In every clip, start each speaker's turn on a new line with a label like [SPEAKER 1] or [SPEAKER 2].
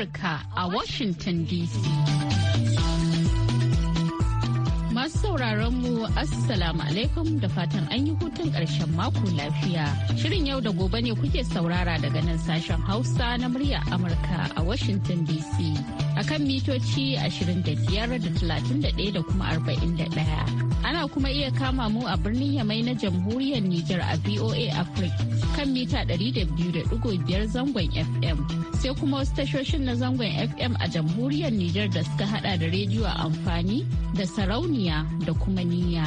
[SPEAKER 1] Amurka a Washington DC. Masu sauraron mu Assalamu alaikum da fatan an yi hutun ƙarshen mako lafiya. Shirin yau da gobe ne kuke saurara daga nan sashen Hausa na murya Amurka a Washington DC. kan mitoci 25 da da kuma 41. Ana kuma iya kama mu a birnin Yamai na Jamhuriyar Nijar a VOA Africa. kan mita 200.5 zangon FM. Sai kuma wasu tashoshin na zangon FM a jamhuriyar Nijar da suka hada da rediyo a amfani da sarauniya da kuma niyya.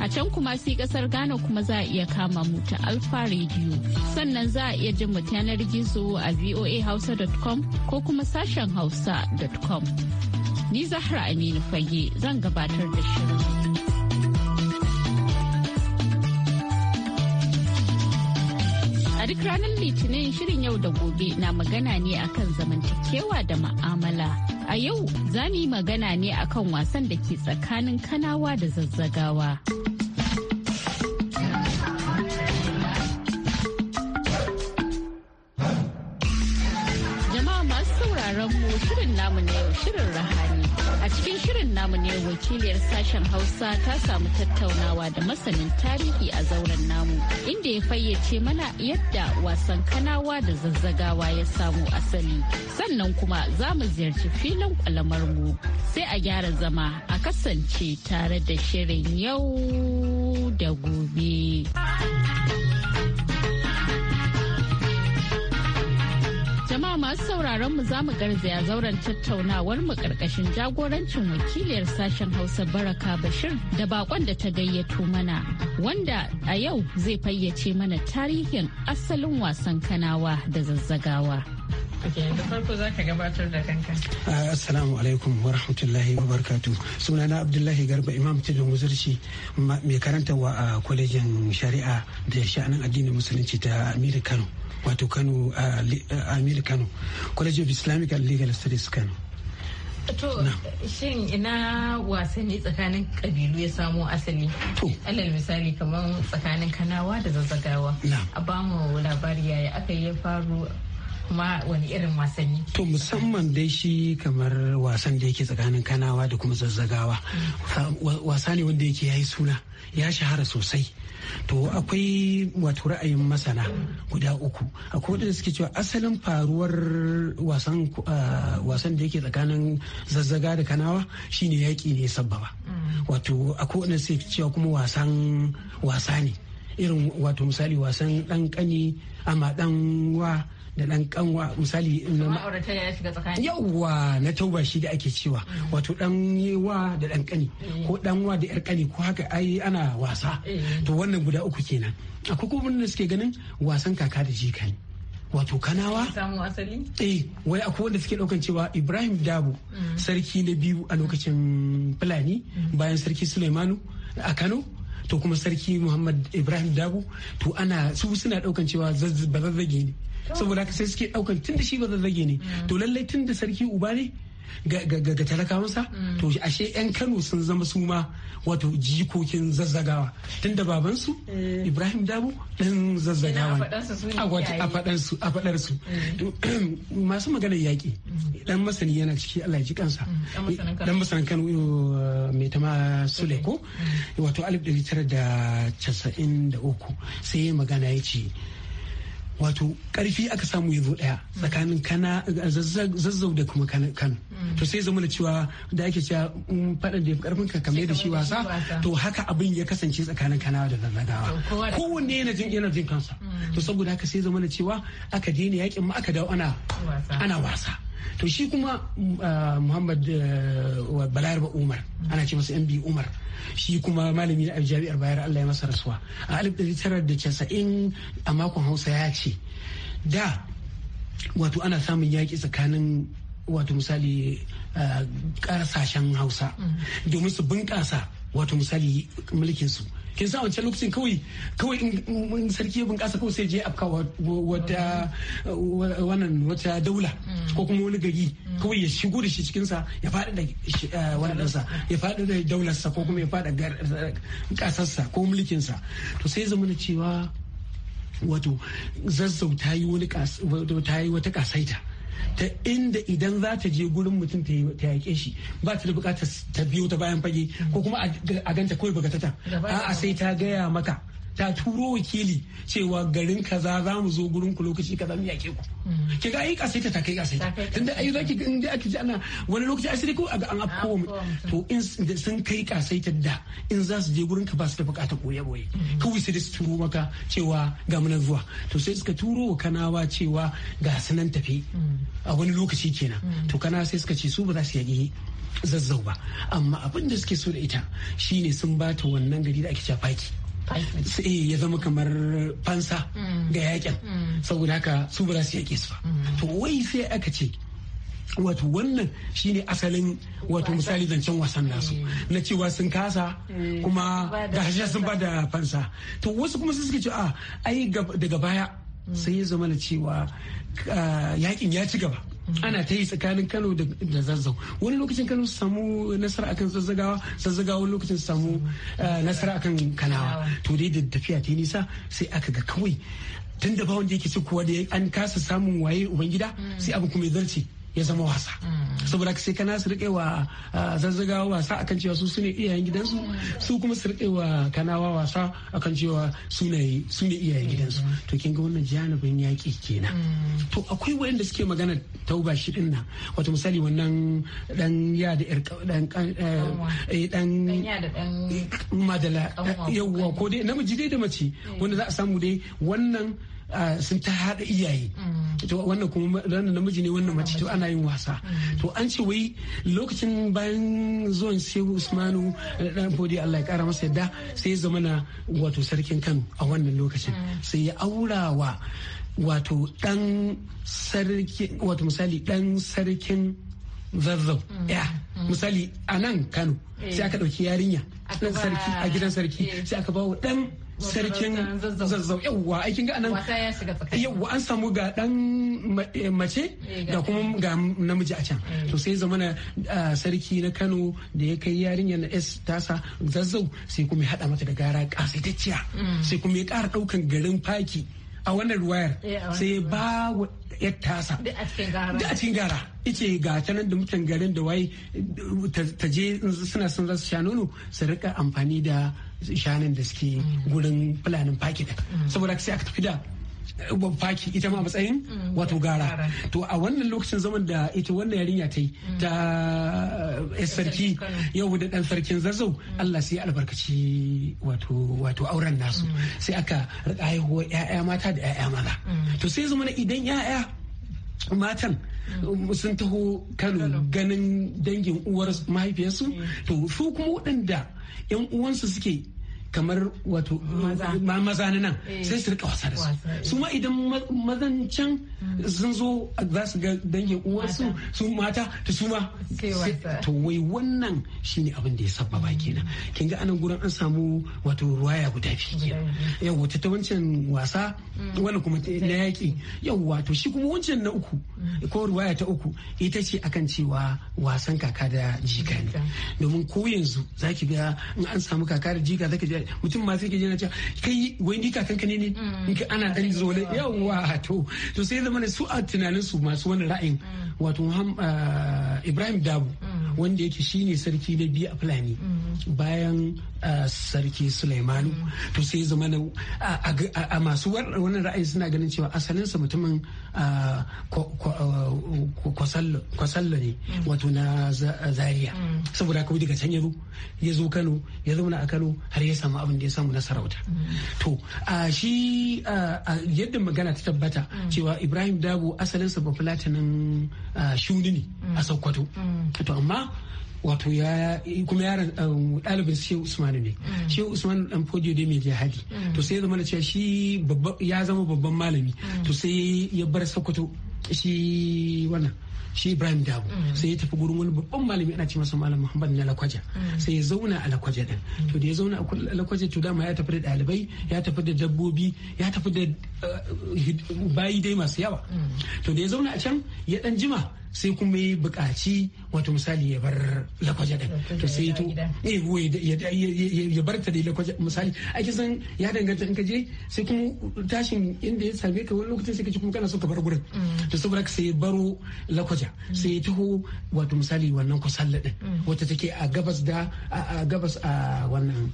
[SPEAKER 1] A can kuma sai kasar Ghana kuma za a iya kama mu ta Alfa Radio. Sannan za a iya jin mu yanar gizo a voahausa.com ko kuma sashen hausa.com. Ni Zahra Aminu Fage zan gabatar da shirin. ranar litinin shirin yau da gobe na magana ne akan zamantakewa da ma'amala a yau za mu yi magana ne akan wasan da ke tsakanin kanawa da zazzagawa jama'a masu sauraron mu shirin namu na yau shirin raha cikin shirin namu ne wakiliyar sashen Hausa ta samu tattaunawa da masanin tarihi a zauren namu inda ya fayyace mana yadda wasan kanawa da zazzagawa ya samu asali. Sannan kuma za mu ziyarci filin kwalamar mu sai a gyara zama a kasance tare da shirin yau da gobe. jama'a masu sauraron mu za mu garzaya zauren tattaunawar mu karkashin jagorancin wakiliyar sashen Hausa Baraka Bashir da bakon da ta gayyato mana wanda a yau zai fayyace mana tarihin asalin wasan kanawa da zazzagawa.
[SPEAKER 2] Ah, assalamu alaikum wa rahmatullahi wa barakatu. Sunana Abdullahi Garba Imam Tijon Wuzurci mai karantarwa a kwalejin shari'a da sha'anin addinin musulunci ta amiri Kano. wato kano amir kano college of islamic and legal studies kano
[SPEAKER 1] to shin ina wasanni tsakanin kabilu ya samo asali alal misali kamar tsakanin kanawa da zazzagawa a bamu labari yaya aka yi ya faru kuma wani irin wasanni
[SPEAKER 2] to musamman dai shi kamar wasan da yake tsakanin kanawa da kuma zazzagawa wasa ne wanda yake yayi suna ya shahara sosai to akwai wato ra'ayin masana guda uku akwai wadanda suke cewa asalin faruwar wasan da yake tsakanin zazzaga da kanawa shine yaƙi ne sabbaba wato akwai wadanda suke cewa kuma wasan wasa ne irin wato misali wasan dan kani ama dan wa da dan kanwa misali yauwa na tauba shi da ake cewa mm. wato dan wa da dan kani mm. ko dan wa da yar kani ko haka ai ana wasa mm. to wannan guda uku kenan akwai kuma da suke ganin wasan kaka da jika wato kanawa eh wai akwai wanda suke daukan cewa ibrahim dabu sarki na biyu a lokacin fulani bayan sarki suleimanu a kano to kuma sarki muhammad ibrahim Dabu to ana su suna daukan cewa ba zazzage ne saboda haka sai suke daukan tun da shi ba zazzage ne mm. to lallai tunda sarki uba ne ga talakawansa mm. to ashe 'yan kano sun zama su ma wato jikokin zazzagawa tunda babansu eh. ibrahim dabo dan zazzagawa a faɗansu a faɗarsu mm. masu maganar yaƙi dan mm. masani yana ciki allah ji kansa dan masanin kano uh, mai tama sule ko wato 1993 sai magana ya ce wato karfi aka samu ya zo daya tsakanin kana zazzau da kuma kano mm. to sai zama cewa da ake cewa mm, faɗan da karfin ka kamar da shi wasa to haka abin ya kasance tsakanin kana da zazzagawa kowanne yana jin yana jin kansa mm. to saboda haka sai zama cewa aka daina yakin ma aka dawo ana wasa to shi kuma mm, ah, muhammad eh, balayar ba umar ana ce masa yan umar shi kuma malami na jami'ar bayar allah ya masa rasuwa a alif ɗari tara da casa'in a makon hausa ya ce da wato ana samun yaƙi tsakanin wato misali ah, ƙasashen hausa mm. domin su bunƙasa wato misali mulkinsu kin sa wancan lokacin kawai kawai in sarki ya bunƙasa kawai sai je afka wata wannan wata daula ko kuma wani gari kawai ya shigo da shi cikin sa ya faɗi da eh, wannan ɗansa ya faɗi da daularsa ko kuma ya faɗi ƙasarsa ko sa to sai zama cewa wato zazzau ta yi wata kasaita ta inda idan za ta je gurin mutum ta yaƙe shi ba ta da bukatar ta biyo ta bayan fage ko kuma a ganta kawai bukatata a sai ta gaya maka ta turo wakili cewa garin kaza za mu zo gurin ku lokaci kaza mu yake ku mm. ki ga ai kasaita ta kai kasaita tunda ai zaki ga inda aka ji ana wani lokaci asiri ko a ga an afko to in sun kai kasaita da in za su je gurin ka ba su da bukata koye boye mm. kawai sai su turo maka cewa ga muna zuwa to sai suka turo wa kanawa cewa ga sanan tafi mm. a wani lokaci kenan to kana sai suka ce su ba za su yage zazzau ba amma abin da suke so da ita shine sun bata wannan gari da ake cewa faki sai ya zama kamar fansa
[SPEAKER 3] mm. ga yakin mm.
[SPEAKER 2] saboda haka su ba za su yake su ba mm. to wai sai aka ce wato wannan shine asalin wato misali zancen wasan nasu na cewa sun kasa kuma da hashe sun ba fansa to wasu kuma suke ce a ai daga baya sai ya zama na cewa ah, yakin ya ci gaba ana ta yi tsakanin kano da zazzau wani lokacin kano su samu nasara akan zazzagawa zazzagawa wani lokacin su samu eh, nasara akan kanawa to dai da tafiya ta nisa sai aka ga kawai tun da ba wanda yake kuwa da an kasa samun waye ubangida mm. sai abu kuma ya zarce ya zama wasa mm. saboda sai kana su rike wa zazzaga wasa akan cewa su sune iyayen gidansu su kuma su wa kanawa wasa akan cewa su ne iyayen gidansu to kin ga wannan janibin yaki kenan to akwai waɗanda suke magana tauba shi din nan wato misali wannan dan ya da yar dan dan madala yawwa ko dai namiji dai da mace eh. wanda za a samu dai wannan sun ta haɗa iyaye mm. to wannan kuma wannan namiji ne wannan mace to ana yin wasa mm. to an ce wai lokacin bayan zuwan shehu usmanu dan eh, fodi allah ya kara masa yadda sai ya zama na wato sarkin kano a wannan lokacin mm. sai ya aurawa wato dan sarki wato misali dan sarkin zazzau ya misali a nan kano eh. sai aka ɗauki yarinya a gidan sarki eh. sai aka bawa ɗan. dan sarkin zazzau yawwa aikin ga anan yawwa an samu ga dan eh, mace eh, ga kuma ga namiji a can eh. to sai na ah, sarki na Kano da ya kai yarinyar na S tasa zazzau sai kuma ya hada mata da gara kasaitacciya mm. sai kuma ya kara daukan garin faki a wannan ruwayar sai ba ya tasa da a cikin gara ice ga da mutan garin da waye ta je suna son za sha nono su rika amfani da shanun da suke gurin fulanin faki mm. saboda sai aka tafi da faki eh, ita ma matsayin mm, wato gara to a wannan lokacin zaman da ita wannan yarinya ta yi mm. ta eh, sarki yau da dan sarkin zazzau Allah sai albarkaci wato wato auren nasu sai aka rika haihuwar ƴaƴa mata da ƴaƴa maza to sai zama idan ƴaƴa matan um, sun taho Kano ganin dangin uwar mahaifiyarsu to su kuma waɗanda 'yan uwansu suke kamar wato maza na nan eh. sai su rika wasa da su eh. su ma idan mazan can hmm. sun zo za su ga dangin uwarsu su mata ta su ma to wai wannan shine abin da ya ke kenan hmm. kin ga anan gurin an samu wato ruwaya guda biyu kenan wata ta wancan wasa hmm. wannan kuma na yaki yau wato shi kuma wancan na uku ko ruwaya ta uku ita ce akan cewa wasan kaka da jika ne domin ko yanzu zaki ga an samu kaka da jika zaki ga mutum ma sai ke jira cewa kai wai ni kakanka ne ne mm. ana dan zole yawa to to sai zama su a tunanin su masu wani ra'ayin mm. wato ah, Ibrahim Dabo mm. wanda yake shine sarki na biyu a Fulani bayan sarki Sulaimanu to sai ya zama a masu wannan ra'ayin suna ganin cewa asalinsa mutumin kwasallo ne wato na zaria saboda haka daga can yazo ya zo Kano ya zauna a Kano har ya samu abin da ya samu na sarauta to shi yadda magana ta tabbata cewa Ibrahim Dabu asalinsa ba fulatinin shuni ne a Sokoto to amma wato ya kuma yaran um, ɗalibin shehu usmanu ne mm. shehu usman dan fodiyo dai mai jihadi mm. to sai ya zama da cewa shi ya zama babban malami mm. to sai ya bar sokoto shi wannan shi ibrahim dabo sai ya tafi gurin wani babban malami ana ce masa malam muhammad na lakwaja sai ya zauna a lakwaja din to da ya zauna a lakwaja to dama ya tafi da dalibai ya tafi da dabbobi ya tafi da uh, bayi dai masu yawa to da ya zauna a can ya dan jima sai kuma ya buƙaci wato misali ya bar lakwaje da to sai to eh ya bar ta da lakwaje misali ake san ya danganta in ka je sai kuma tashin inda ya same ka wani lokacin sai ka ci kuma kana so ka bar gurin mm. to saboda ka sai baro lakwaje mm. sai ya taho wato misali wannan kusalla din mm. wata take a gabas da a gabas a wannan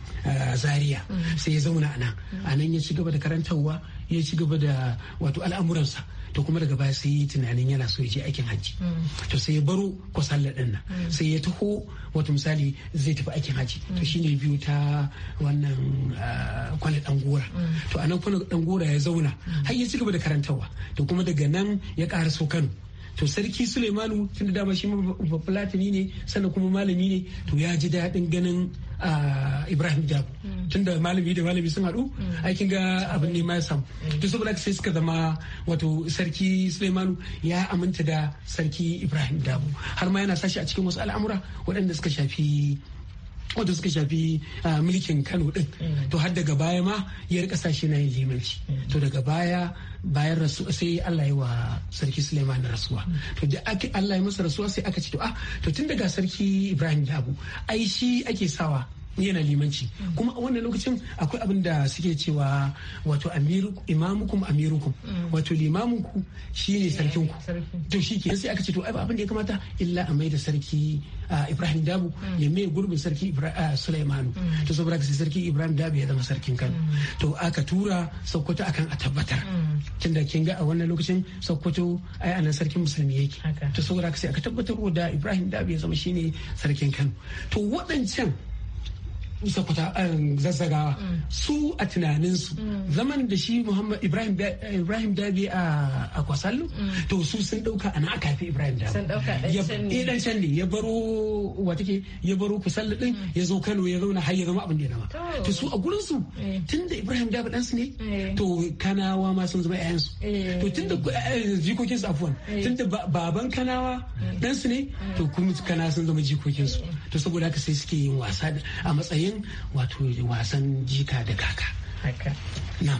[SPEAKER 2] zaria sai ya zauna a nan a nan ya ci gaba da karantarwa ya ci gaba da wato al'amuransa to kuma daga baya sai yi tunanin yana so ya je aikin hajji mm. to sai ya baro ko din nan mm. sai ya taho wato misali zai tafi aikin hajji to mm. shine biyu ta wannan ah, kwale dan gora to anan kwale dan gora ya zauna har ya ci gaba da karantarwa to kuma daga nan ya so Kano to sarki suleimanu tun da dama shi bafulatani ne sannan kuma malami ne to ya ji daɗin ganin ibrahim jabo hmm. tun da malami da malami sun haɗu hmm. aikin ga abin ne ya samu to hmm. saboda sai suka zama wato sarki suleimanu ya aminta da sarki ibrahim Dabu har ma yana sashi a cikin wasu al'amura waɗanda suka shafi wanda suka shafi ah, mulkin kano din mm. to har daga baya ma ya rika ƙasashe na yin limanci mm. to daga baya bayan rasu sai Allah yi wa sarki Suleiman rasuwa mm. to da aka Allah ya masa rasuwa sai aka ce to ah to tun daga sarki Ibrahim Dabu ai shi ake sawa yana limanci kuma a wannan lokacin akwai abin da suke cewa wato imamukum amirukum mm. wato limamunku ne sarkinku to shi ke sai aka ce to abin da ya kamata illa a mai da sarki Ibrahim Dabu mm. ya mai gurbin sarki Sulaimanu mm. to saboda ka sai sarki Ibrahim Dabu ya zama sarkin Kano to aka tura Sokoto akan a tabbatar tunda kin ga a wannan lokacin Sokoto ai anan sarkin musulmi yake to saboda ka sai aka tabbatar da Ibrahim Dabu ya zama ne sarkin Kano to waɗancan sakuta zazzagawa mm. su a tunaninsu mm. zaman da shi muhammad ibrahim dabi a kwasallu mm. to su sun dauka ana aka fi ibrahim dabi dan can ne ya baro wata ke ya baro kusallu din ya zo kano ya zauna har ya zama abin da ya zama to su a gurin su eh. tunda ibrahim dabi dan su ne eh. to kanawa ma sun zama yayansu eh. to tunda jikokin su afuwan tunda baban kanawa dan su ne to kuma kana sun zama jikokin su to saboda haka sai suke yin wasa a matsayin wato wasan jika da kaka. Na.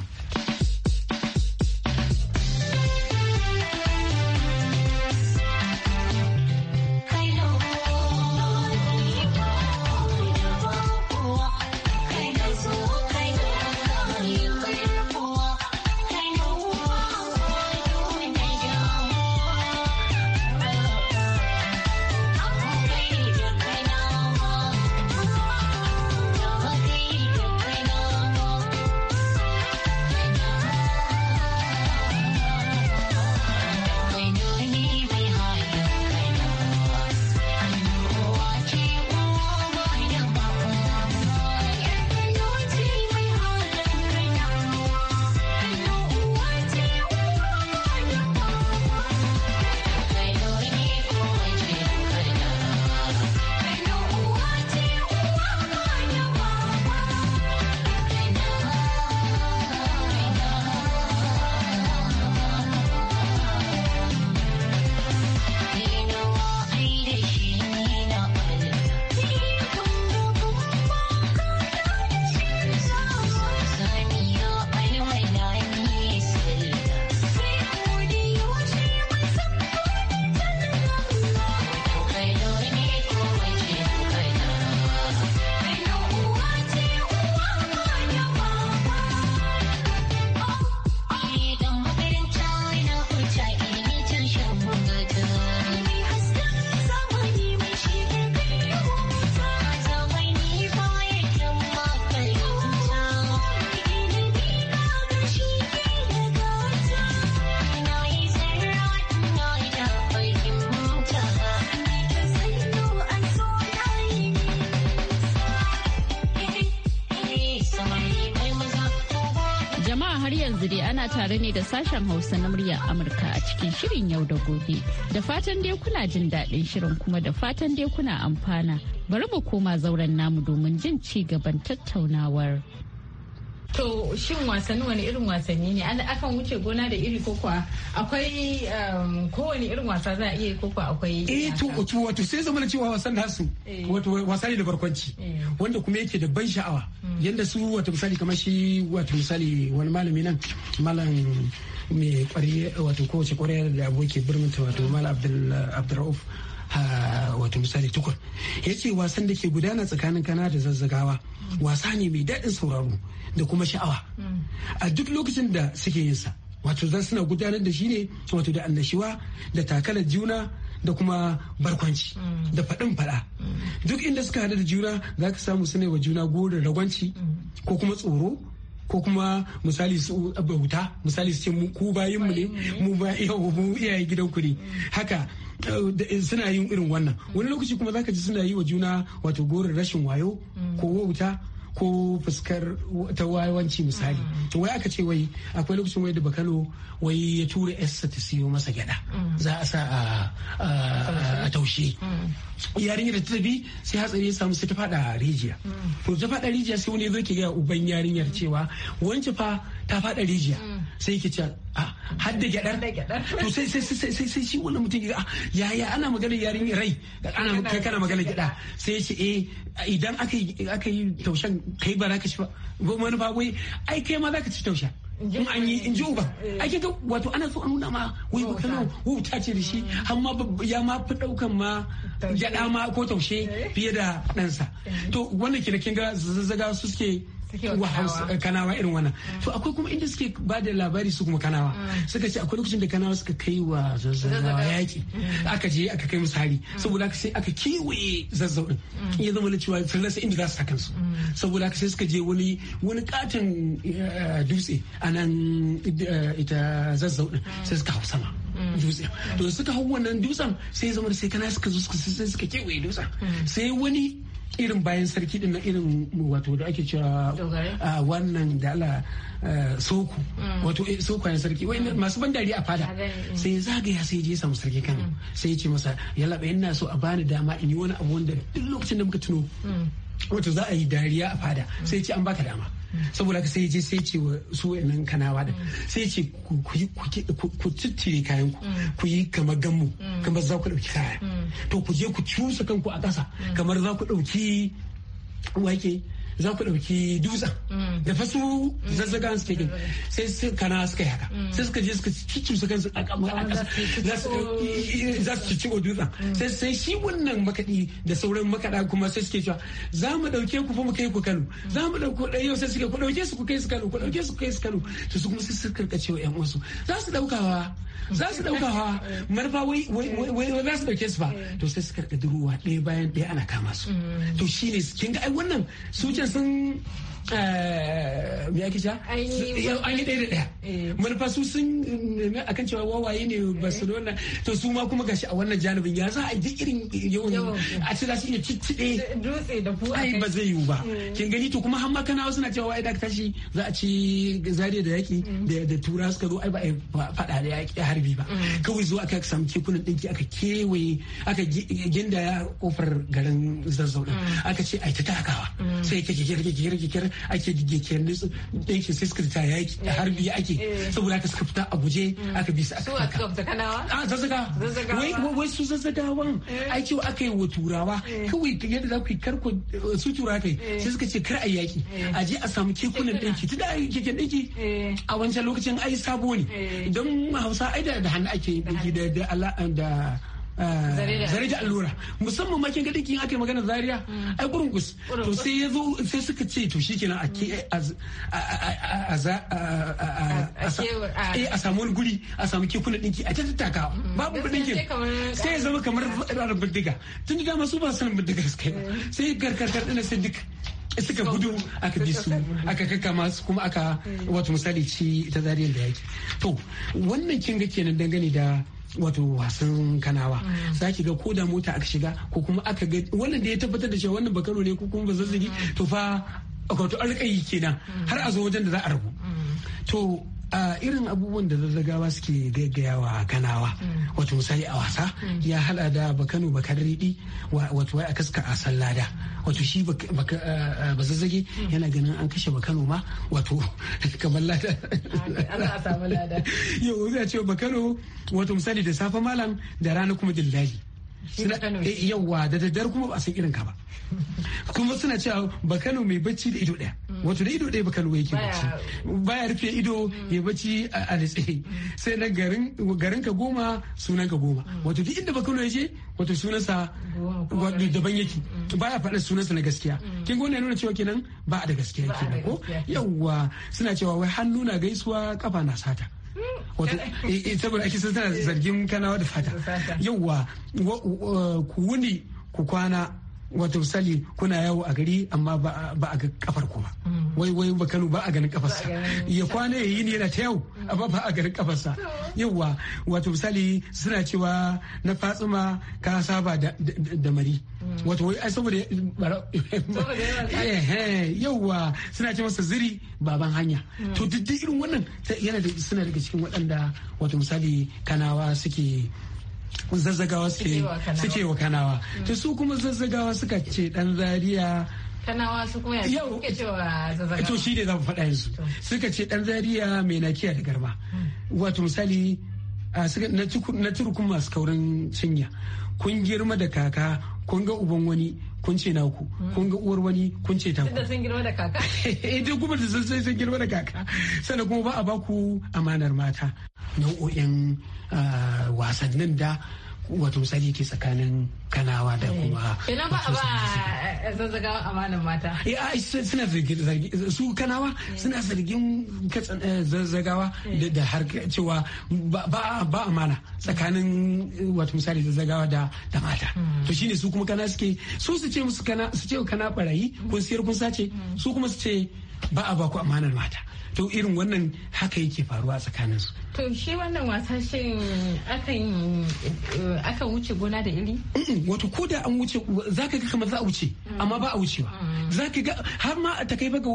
[SPEAKER 1] sashen Hausa na murya Amurka a cikin shirin yau da gobe. Da fatan dai kuna jin daɗin shirin kuma da fatan dai kuna amfana. Bari mu koma zauren namu domin jin ci gaban tattaunawar. To shin wasanni wani irin wasanni ne? Akan wuce gona da iri ko kuwa akwai um, kowane irin wasa za a iya ko kuwa akwai Eh to
[SPEAKER 2] wato sai zama cewa wasan su eh. wato wasa ne da barkwanci eh. wanda kuma yake da ban sha'awa hmm. yanda su wato misali kamar shi wato misali wani malami nan malam mai kwari wato kowace kwarya da aboki birnin wato malam Abdul Abdurrauf wato misali tukur ya ce wasan da ke gudana tsakanin kana da zazzagawa wasa ne mai daɗin sauraro da kuma sha'awa a duk lokacin da suke yin sa wato za suna gudanar da shi ne wato da annashuwa da takalar juna da kuma barkwanci da faɗin faɗa duk inda suka hada da juna za ka samu suna wa juna gorin ragwanci ko kuma tsoro ko kuma misali su bauta misali su ce ku bayin mu ne mu ba iyaye gidan ku ne haka suna yin irin wannan wani lokaci kuma zaka ji suna yi wa juna wato gorin rashin wayo ko wauta ko fuskar ta wayawanci misali to wai aka ce wai akwai lokacin wai da bakalo wai ya tura yarsa ta siyo masa gyada za a sa a taushe yarinyar ta tafi sai hatsari ya samu sai ta fada rijiya to ta fada rijiya sai wani zo ke ga uban yarinyar cewa wancan fa ta faɗa rijiya mm. sai ke cewa a ah, hadda gyaɗar to sai sai sai sai sai shi wannan mutum ya yaya ah, ana magana yarin rai ana kai kana magana gyaɗa sai ya ce eh idan aka yi aka yi taushen kai ba za ka ci ba wani ba wai ai kai ma za ka ci taushen in an yi in ji uba eh. ake ga wato ana so a nuna ma wai ba kana wuta ce da shi mm. amma ya ma fi daukan ma gyada ma ko taushe eh. fiye da ɗansa eh. to wannan kina kin ga zazzaga su suke kanawa irin wannan to akwai kuma inda suke ba da labari su kuma kanawa mm. suka ce akwai lokacin da kanawa suka kai wa zazzanawa yaki mm. aka je aka kai musu hari mm. saboda haka sai aka kewaye zazzau din ya zama na cewa sun rasa inda za su saka su saboda haka sai suka je wani wani katin eh, dutse a nan eh, ita zazzau din sai suka hau sama dutse to suka hau wannan dutsen sai zama da sai kana suka zo suka kewaye dutsen sai wani irin bayan sarki din na irin wato da ake cewa ah, wannan da ala ah, soku mm. wato eh, soku ne sarki mm. masu ban dariya a fada mm. sai zagaya sai je samu sarki kano sai ya ce masa yalla ina so a bani dama in yi wani abu wanda duk lokacin da muka tuno wato za a yi dariya a fada sai ce an baka dama saboda sai je sai ce wa su wayannan kanawa da sai ce ku ciccire kayan ku ku yi kamar gammu kamar za ku dauki kaya to ku je ku cusa kanku a ƙasa kamar za ku dauki wake za ku ɗauki dutsen
[SPEAKER 3] mm. da fasu
[SPEAKER 2] mm. zazzagan suke yi mm. sai su kana suka yaka. sai suka je suka cicu su kansu a za su cici dutsen sai sai shi wannan makaɗi da sauran makaɗa kuma sai suke cewa za mu ɗauke ku fa mu kai ku Kano za mu ɗauko ɗaya yau sai suke ku ɗauke su ku kai su Kano ku ɗauke su ku kai su Kano to su kuma sai su karka cewa ƴan uwansu za su ɗaukawa za su ɗaukawa marfa wai wai za su ɗauke su ba to sai su karka duruwa ɗaya bayan ɗaya ana kama su to shine kin ga ai wannan su sun ya kisha an yi ɗaya da ɗaya eh. Manufasu Sun sun akan cewa wawaye ne eh. barcelona to su ma kuma gashi a wannan janibin ya za a ji irin yawan a cikin su iya eh, dutse da ku ai ba zai yiwu ba hmm. kin gani to kuma har makana suna cewa wa'ai da tashi za a ci zariya da yaki hmm. da tura suka zo ai ba a faɗa da yaki harbi ba hmm. kawai zo aka samu kekunan ɗinki aka kewaye aka gindaya kofar garin zazzauna aka ce ai ta takawa sai ta gigiyar gigiyar gigiyar ake gigiyar ne ɗinkin sai suka ta yaki har biyu ake saboda aka suka fita a guje aka bi su aka kaka a zazzaga wai su zazzagawan aiki aka yi wa turawa kawai yadda za ku yi karko su tura kai sai suka ce kar a yaki a je a samu kekunan ɗinki tunda a keken ɗinki a wancan lokacin ai sabo ne don hausa ai da hannu ake ɗinki da zare da allura musamman ma kin ga dinkin aka magana zariya mm. ai kurungus to sai ya zo sai suka ce to shikenan a ke a samu wani guri a samu kekuna dinki a tattaka mm. babu dinkin sai ya zama kamar rarar bindiga tun da masu ba sanin bindiga suka yi eh. sai garkarkar dana sai duk suka gudu aka bi su aka kakama kuma aka eh. wato misali ci ta zariyar da yaki to wannan kin ga kenan dangane da wato wasan kanawa mm. za ki ga ko da mota aka shiga ko kuma aka ga wannan da ya tabbatar da cewa wannan bakano ne ko kuma ba zazzagi mm. to fa wato alƙayi kenan mm. har a zo wajen da za a rabu to a irin abubuwan da zazzagawa suke gaggayawa kanawa mm. wato misali a wasa mm. ya hada da bakano bakar riɗi wato wai a kaska a sallada wato shi ba zazzage mm. yana ganin an kashe bakano ma wato kamar lada yau za a ce bakano wato misali da safe malam da rana kuma dillali yauwa da daddare kuma ba san irin ka ba kuma suna cewa ba kano mai bacci da ido daya mm. wato da ido daya ba kano yake bacci baya rufe ido mm. ya bacci a nitse sai na garin ka goma sunan ka goma mm. wato duk inda ba kano je wato sunansa wato daban yake baya faɗa sunansa na gaskiya kin gona nuna cewa kenan ba a da gaskiya kenan ko yauwa suna cewa wai hannu na gaisuwa kafa na sata
[SPEAKER 1] saboda ake sun tana
[SPEAKER 2] zargin kanawa da fata yauwa ku wuni ku kwana wato sali kuna yawo a gari amma ba a ga kafar ku ba mm. wai wai ba kano ba a ganin kafarsa ya kwana ya yi ne yana ta yau mm. amma ba a ganin kafarsa yawa wato sali suna cewa na fatsuma ka saba da mari mm. wato wai ai saboda yawa eh, eh, suna cewa masa ziri baban hanya to duk irin wannan yana da suna daga cikin waɗanda wato misali kanawa suke zazzagawa suke wa kanawa mm. to su kuma zazzagawa suka ce dan zaria
[SPEAKER 1] kanawa su kuma yau
[SPEAKER 2] to shi ne za faɗa yanzu suka ce dan zaria mai nakiya da garba mm. wato misali na turkun masu kaurin cinya kun girma da kaka kun ga uban wani kun ce naku kun ga uwar wani kun ce ku. tunda sun girma da kaka eh duk kuma sun sun girma da kaka sannan kuma ba a baku amanar mata nau'o'in ah, wasannin da wato misali ke tsakanin kanawa da kuma eh, ina ba a ba
[SPEAKER 3] eh, zazzagawa amanan mata
[SPEAKER 2] ya eh, suna zargin su kanawa suna zargin zazzagawa da har cewa ba amana tsakanin wato misali zazzagawa da mata hmm. to shine su kuma kana suke su su ce musu kana su ce kana barayi kun siyar kun sace hmm. su kuma su ce ba a baku amanar mata to irin wannan haka yake faruwa tsakanin su
[SPEAKER 1] to shi wannan wasa shin akan wuce gona da iri wato ko da an
[SPEAKER 2] wuce zaka ga kamar za a wuce mm. amma ba a wucewa mm. zaka ga har ma ta kai baka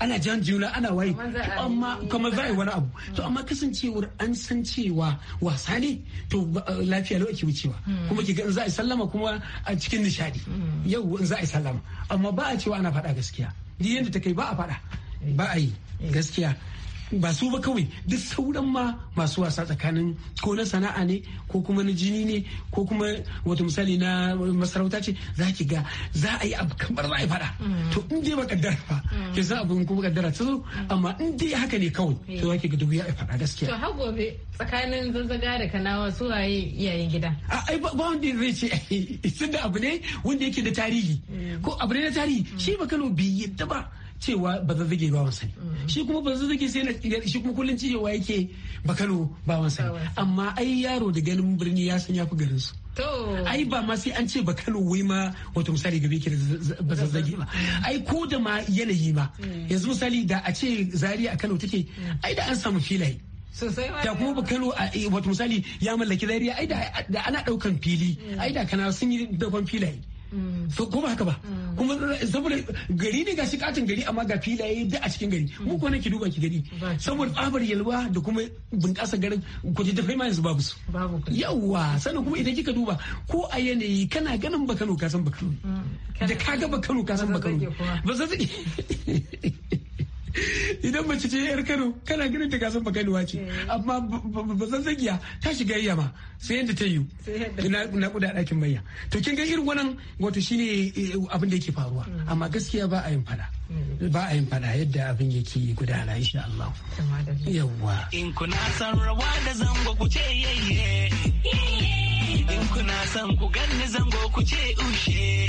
[SPEAKER 2] ana jan juna ana waye amma kamar za a yi wani abu mm. to amma kasancewar an san cewa wasa ne to eh, lafiya lau ake wucewa kuma ki ga in za a yi sallama kuma a cikin nishadi yau in za a yi sallama amma ba a cewa ana faɗa gaskiya Ni yadda ta kai ba a faɗa ba a yi eh. gaskiya ba su ba kawai duk sauran ma masu wasa tsakanin ko na sana'a ne ko kuma na jini ne ko kuma wata misali na masarauta ce za ki ga za a yi abu kamar za a yi fada mm. to in dai ba fa. ba mm. ke za ko kuma kaddara ta zo mm. amma in dai haka ne kawai eh. to za ki ga duk ya yi fada gaskiya. to
[SPEAKER 1] har gobe tsakanin zanzaga da kanawa su waye iyayen gida.
[SPEAKER 2] ai ba wanda zai ce tunda abu ne wanda yake da tarihi ko abu ne na tarihi shi ba kano bi yadda ba cewa ba zazzage ba wansa ne mm. shi kuma ba zazzage sai na shi kuma kullun cewa yake ba Kano ba wansa ne amma ai yaro da ganin birni ya san fi garin su ai ba ma sai an ce ba Kano wai ma wato misali gabe ke ba zazzage ba ai ko da ma yanayi ma mm. yanzu misali da a ce Zari a Kano take mm. ai da an samu filaye da kuma ba Kano eh, wato misali ya mallaki zari ai da ana daukan fili ai da kana sun yi dakon filaye
[SPEAKER 3] so mm. ko ba haka ba mm. kuma
[SPEAKER 2] saboda gari ne ga gashi katin gari amma ga filaye da a cikin gari mm. mu ko nake duba ki gari saboda tsabar yalwa da kuma bunƙasa garin ku da dafai ma yanzu babu su yawa sannan kuma idan kika duba ko a yanayi kana ganin Bakano ka san Bakano. da ka ga ka san ba ba zai idan mace ce yar kano kana ganin ta kasan bakanuwa ce eh. amma ba san zagiya ta shiga yayya ma sai yadda ta yi na kuda dakin bayya to kin ga irin wannan wato shine eh, abin da yake faruwa hmm. amma gaskiya ba a yin fada hmm. ba a yin fada yadda abin yake gudana insha Allah
[SPEAKER 3] yawwa in kuna san rawa da zango ku ce yayye in kuna san ku ganni zango ku ce ushe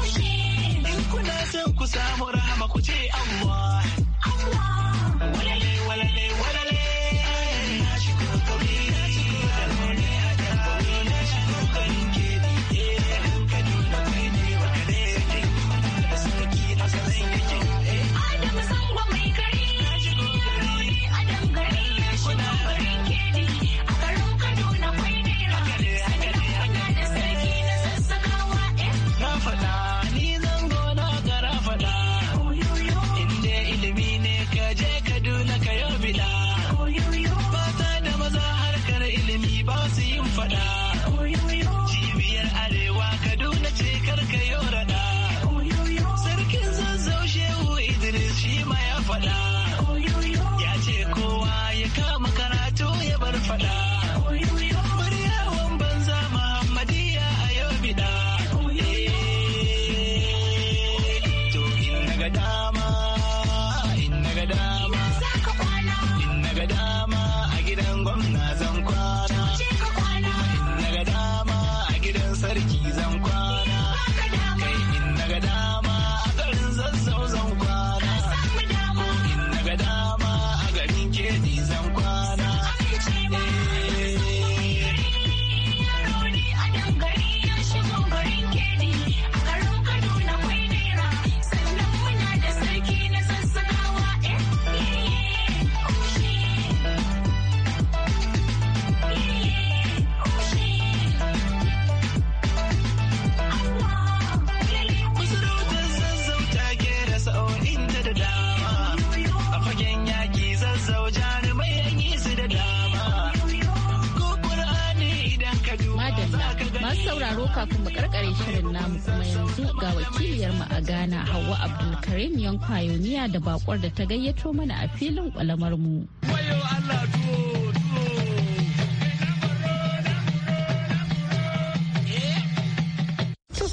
[SPEAKER 3] ushe in kuna san ku samu rahama ku ce Allah Allah.
[SPEAKER 1] da bakwar da ta gayyato mana a filin kwalamar mu.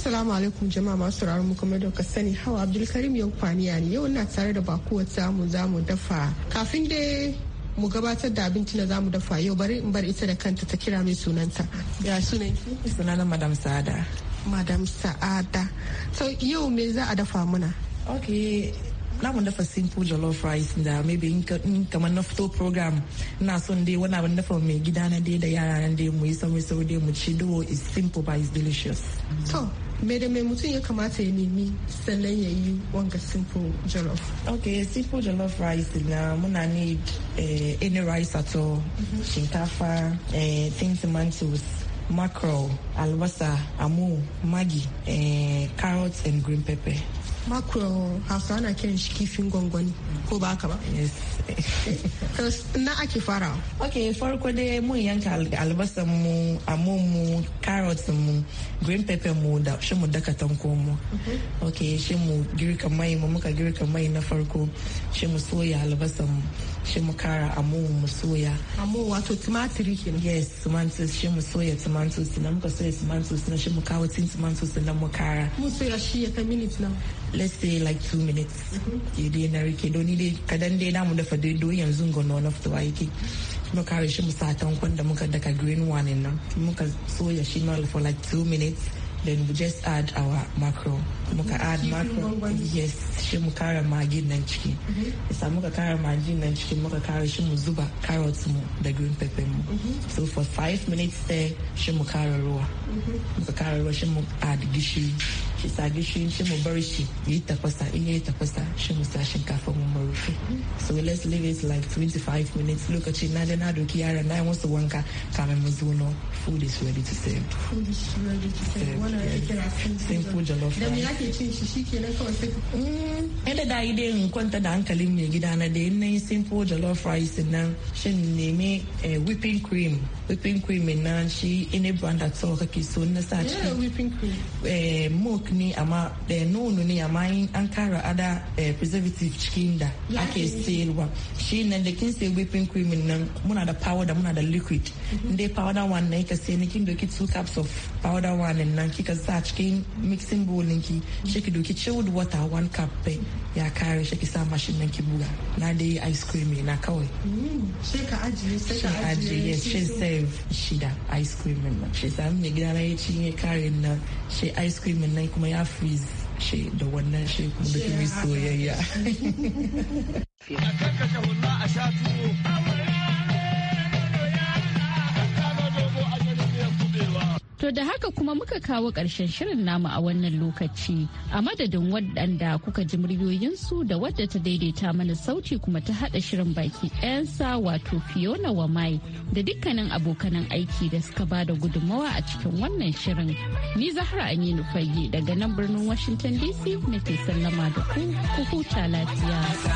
[SPEAKER 4] Assalamu alaikum jama'a masu sauraron mu kamar da sani hawa Abdulkarim yau kwaniya ne yau na tare da bakuwar zamu zamu dafa kafin dai mu gabatar da abinci da zamu dafa yau bari in bar ita da kanta ta kira mai sunanta ya sunan sunana madam sa'ada madam sa'ada so yau me za a dafa muna okay na mu dafa simple jollof rice da uh, maybe in kamar na fito program ina son dai wani abin dafa mai gida na dai da yara nan dai mu yi sauri sauri dai mu ci duwo is simple but is delicious to me da mai mutum ya kamata ya nemi sannan ya yi wanga simple jollof okay simple jollof rice na muna need eh, any rice at all mm-hmm. shinkafa eh, things mantos mackerel albasa amu maggi eh, carrots and green pepper makro hausa ana kiran shi kifin gwangwani ko ba haka ba na ake fara. ok farko dai mun yanka albasan mu amon mu carrots mu green pepper mu da shi mu daka tanko mu mhm. ok shi mu girka mai mu muka girka mai na farko shi mu soya albasan mu shi mu kara amu mu soya amu wato tumatiri kenan yes tumatiri shi mu soya tomatoes na muka soya tumatiri na shi mu kawo tin tumatiri na mu kara mu soya shi ya kai minutes na let's say like two minutes Ya mhm. dai na rike doni dai kadan dai namu dafa dai doyi yanzu ga non of the yake mu kare shi mu sa tankon da muka daka green one nan muka soya shi for like two minutes then we just add our mackerel muka add mackerel yes shi mu kara magin nan ciki isa mhm. muka kara magin nan ciki muka kara shi mu zuba carrots mu da green pepper mu mhm. so for five minutes there shi mu kara ruwa mhm. muka kara ruwa shi mu add gishiri shi tsage shi shi mu bar shi yi tafasa in tafasa shi mu sa mu so let's leave it like 25 minutes lokaci na da na doki yaran na yi musu wanka kamin mu zo no food is ready to serve food is ready to serve wannan ya kira simple jollof da me yake cin shi shikenan kawai sai yadda da yi in kwanta da hankalin mai gida na da yin nayi simple jollof rice nan shin neme whipping cream whipping cream nan shi ina brand at all kake so na sa cikin whipping cream eh, milk ne amma nono ne amma in an kara ada eh, preservative cikin da ake eh. sayarwa shi nan da kin whipping cream nan muna da powder muna da liquid Mm-hmm. dai powder one na kika sai nikin doki two cups of powder one in nan kika sa cikin mixing bowl ki shi ki doki chilled water one cup pe ya kare shi ki sa mashin nan ki buga na dai ice cream na kawai shi ka ajiye mm, sai ka ajiye yes she save shida ice cream nan shi sa ne gida na yace ne kare na shi ice cream nan e kuma ya freeze shi da wannan shi kuma da kimi soyayya. A karkashe wannan a sha
[SPEAKER 3] tuwo.
[SPEAKER 1] To da haka kuma muka kawo ƙarshen shirin namu a wannan lokaci a madadin waɗanda kuka ji muryoyinsu da wadda ta daidaita mana sauti kuma ta haɗa shirin baki ɗayansa wato Fiona Wamai da dukkanin abokanan aiki da suka ba da gudunmawa a cikin wannan shirin. Ni Zahra Aminu Fage daga nan birnin Washington DC nake sallama da ku ku huta lafiya.